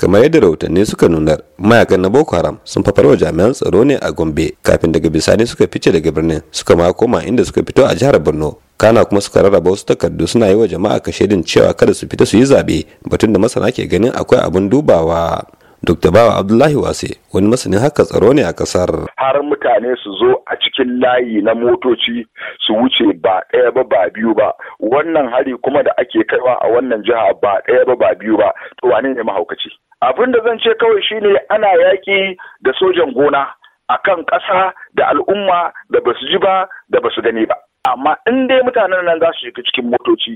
kamar yadda rahotanni suka nunar mayakan na boko haram sun fafarwa jami'an tsaro ne a gombe kafin daga bisani suka fice daga birnin suka ma koma inda suka fito a jihar borno kana kuma suka rarraba wasu takardu suna yi wa jama'a kashedin cewa kada su fita su yi zaɓe batun da masana ke ganin akwai abun dubawa Dr. Bawa Abdullahi Wase wani masanin haka tsaro ne a kasar. Har mutane su zo a cikin layi na motoci su wuce ba ɗaya ba ba biyu ba. Wannan hari kuma da ake kaiwa a wannan jiha ba ɗaya ba ba biyu ba. To wane ne mahaukaci? Abin da zan ce kawai shine ana yaƙi da sojan gona akan ƙasa da al'umma da basu ji ba da basu gani ba. amma in dai mutanen nan za su shiga cikin motoci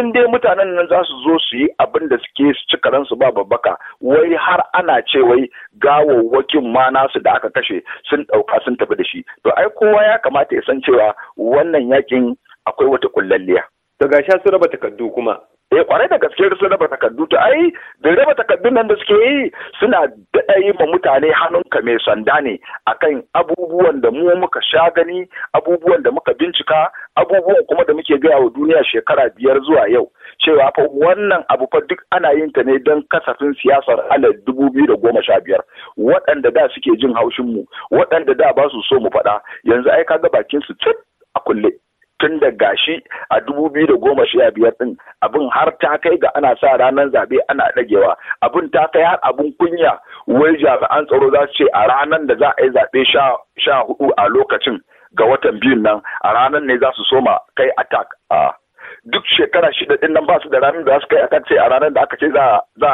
in dai mutanen nan za su zo su yi abin da suke su ci karansu ba babbaka wai har ana ce wai gawawwakin ma nasu da aka kashe sun ɗauka sun tafi da shi to ai kowa ya kamata ya san cewa wannan yakin akwai wata kullalliya. To ga sha su raba takardu kuma eh kwarai da gaske su raba takardu ta ai da raba takardun nan da suke yi suna daɗa yi ma mutane hannun ka mai sanda ne A kan abubuwan da mu muka sha gani abubuwan da muka bincika abubuwan kuma da muke gaya wa duniya shekara biyar zuwa yau cewa fa wannan abu fa duk ana yin ta ne don kasafin siyasar alal dubu biyu da goma sha biyar waɗanda da suke jin haushin mu waɗanda da ba su so mu faɗa yanzu ai ka ga bakin su cip a kulle tun da gashi a dubu biyu da goma sha biyar din abin har ta kai ga ana sa ranar zabe ana ɗagewa abin ta kai har abin kunya wai jami'an tsaro za su ce a ranar da za a yi zaɓe sha hudu a lokacin ga watan biyun nan a ranar ne za su soma kai attack a duk shekara shida din nan ba su da ramin da su kai akan ce a ranar da aka ce za za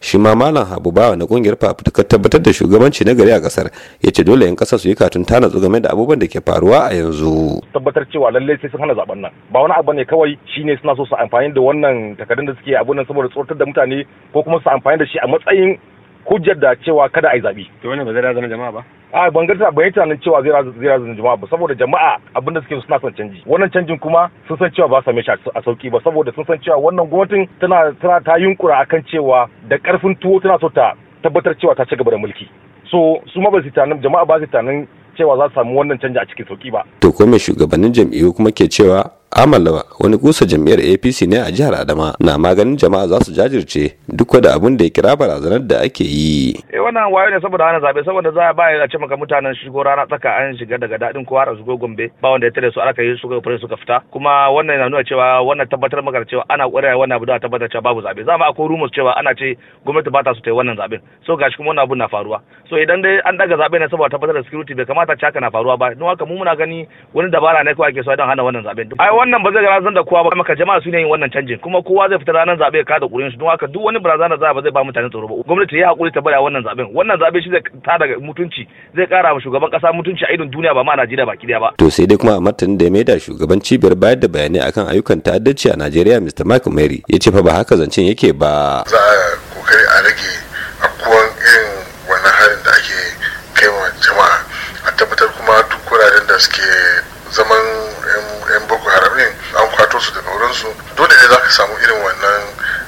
shi ma malam Habu bawa na kungiyar ta tabbatar da shugabanci na gari a kasar ya ce dole yan kasa su yi katun tana tsu game da abubuwan da ke faruwa a yanzu tabbatar cewa lallai sai sun hana zaben nan ba wani abu ne kawai shine suna so su amfani da wannan takardun da suke abun nan saboda tsortar da mutane ko kuma su amfani da shi a matsayin hujjar da cewa kada a yi zaɓe. to wannan ba zai jama'a ba a ban ban yi tunanin cewa zai razu zai razu jama'a ba saboda jama'a abin da suke suna son canji wannan canjin kuma sun san cewa ba same shi a sauki ba saboda sun san cewa wannan gwamnatin tana tana ta yunkura akan cewa da karfin tuwo tana so ta tabbatar cewa ta ci gaba da mulki so su ma ba su tunanin jama'a ba su tunanin cewa za su samu wannan canji a cikin sauki ba to ko me shugabannin jam'iyyu kuma ke cewa amalawa wani kusa jam'iyyar APC ne a jihar Adama na maganin jama'a za su jajirce duk da abin da ya kira barazanar da ake yi. Eh wannan wayo ne saboda ana zabe saboda za a ba a ce maka mutanen shigo rana tsaka an shiga daga dadin kowa har shigo Gombe ba wanda ya tare su aka yi su ga suka fita kuma wannan yana nuna cewa wannan tabbatar maka cewa ana ƙwarewa wannan abu da tabbatar cewa babu zabe zama akwai rumors cewa ana ce gwamnati ba ta su ta yi wannan zabe so gashi kuma wannan abu na faruwa so idan dai an daga zabe ne saboda tabbatar da security bai kamata ce na faruwa ba don haka mu muna gani wani dabara ne kawai ake so don hana wannan zabe wannan ba zai razan da kowa ba maka jama'a su ne yin wannan canjin kuma kowa zai fita ranar zabe ka da kurin shi don haka duk wani barazana za ba zai ba mutane tsoro ba gwamnati ya hakuri ta bada wannan zaben wannan zabe shi zai daga mutunci zai kara ma shugaban kasa mutunci a idon duniya ba ma Najeriya baki daya ba to sai dai kuma a martanin da ya maida shugaban cibiyar bayar da bayanai akan ayyukan ta'addanci a Najeriya Mr. Mark Mary ya ce fa ba haka zancen yake ba za kokari a rage su da su dole ne za ka samu irin wannan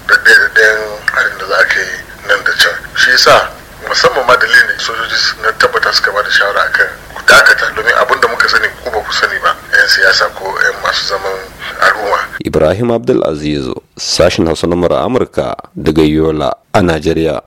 daɗaɗɗen harin da za ka yi nan da can shi yasa musamman ma dalilin sojoji na tabbata suka ba da shawara akan ku dakata domin abin da muka sani ku ba ku sani ba 'yan siyasa ko 'yan masu zaman al'umma. Ibrahim Abdulaziz sashen Hausa na Amurka daga Yola a Najeriya.